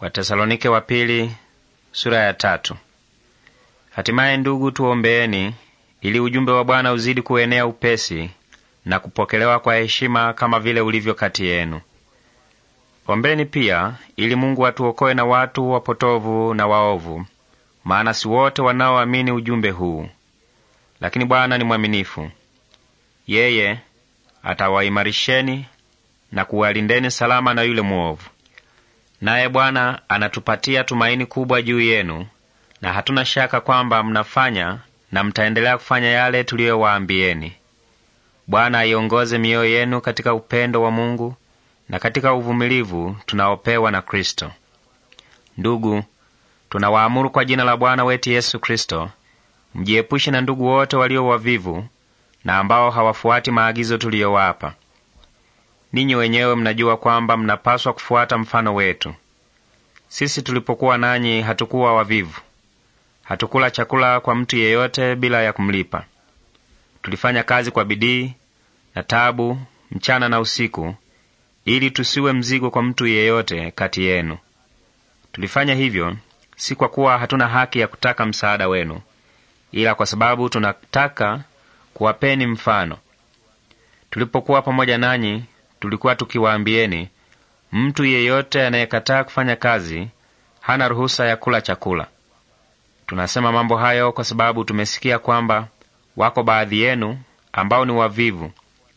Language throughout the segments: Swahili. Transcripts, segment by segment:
Watesalonike wa pili, sura ya tatu. Hatimaye ndugu, tuombeeni ili ujumbe wa Bwana uzidi kuenea upesi na kupokelewa kwa heshima kama vile ulivyo kati yenu. Ombeni pia ili Mungu atuokoe na watu wapotovu na waovu, maana si wote wanaoamini ujumbe huu. Lakini Bwana ni mwaminifu, yeye atawaimarisheni na kuwalindeni salama na yule mwovu. Naye Bwana anatupatia tumaini kubwa juu yenu, na hatuna shaka kwamba mnafanya na mtaendelea kufanya yale tuliyowaambieni. Bwana aiongoze mioyo yenu katika upendo wa Mungu na katika uvumilivu tunaopewa na Kristo. Ndugu, tunawaamuru kwa jina la Bwana wetu Yesu Kristo, mjiepushe na ndugu wote walio wavivu na ambao hawafuati maagizo tuliyowapa ninyi wenyewe mnajua kwamba mnapaswa kufuata mfano wetu. Sisi tulipokuwa nanyi hatukuwa wavivu, hatukula chakula kwa mtu yeyote bila ya kumlipa. Tulifanya kazi kwa bidii na tabu, mchana na usiku, ili tusiwe mzigo kwa mtu yeyote kati yenu. Tulifanya hivyo si kwa kuwa hatuna haki ya kutaka msaada wenu, ila kwa sababu tunataka kuwapeni mfano. Tulipokuwa pamoja nanyi, tulikuwa tukiwaambieni, mtu yeyote anayekataa kufanya kazi hana ruhusa ya kula chakula. Tunasema mambo hayo kwa sababu tumesikia kwamba wako baadhi yenu ambao ni wavivu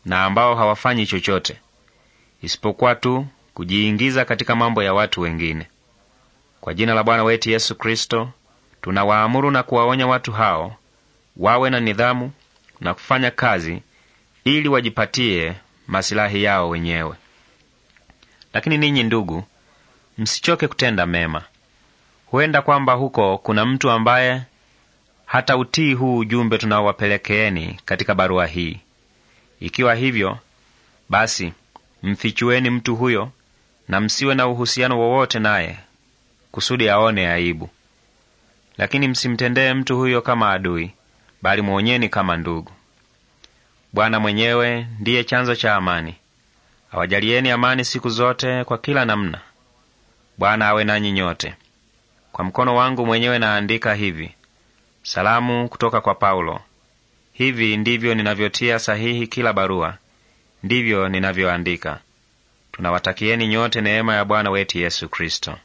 na ambao hawafanyi chochote isipokuwa tu kujiingiza katika mambo ya watu wengine. Kwa jina la Bwana wetu Yesu Kristo tunawaamuru na kuwaonya watu hao wawe na nidhamu na kufanya kazi ili wajipatie masilahi yao wenyewe. Lakini ninyi ndugu, msichoke kutenda mema. Huenda kwamba huko kuna mtu ambaye hata utii huu ujumbe tunaowapelekeeni katika barua hii. Ikiwa hivyo basi, mfichueni mtu huyo na msiwe na uhusiano wowote naye, kusudi aone aibu. Lakini msimtendee mtu huyo kama adui, bali mwonyeni kama ndugu. Bwana mwenyewe ndiye chanzo cha amani. Awajalieni amani siku zote kwa kila namna. Bwana awe nanyi nyote. Kwa mkono wangu mwenyewe naandika hivi: salamu kutoka kwa Paulo. Hivi ndivyo ninavyotia sahihi kila barua, ndivyo ninavyoandika. Tunawatakieni nyote neema ya Bwana wetu Yesu Kristo.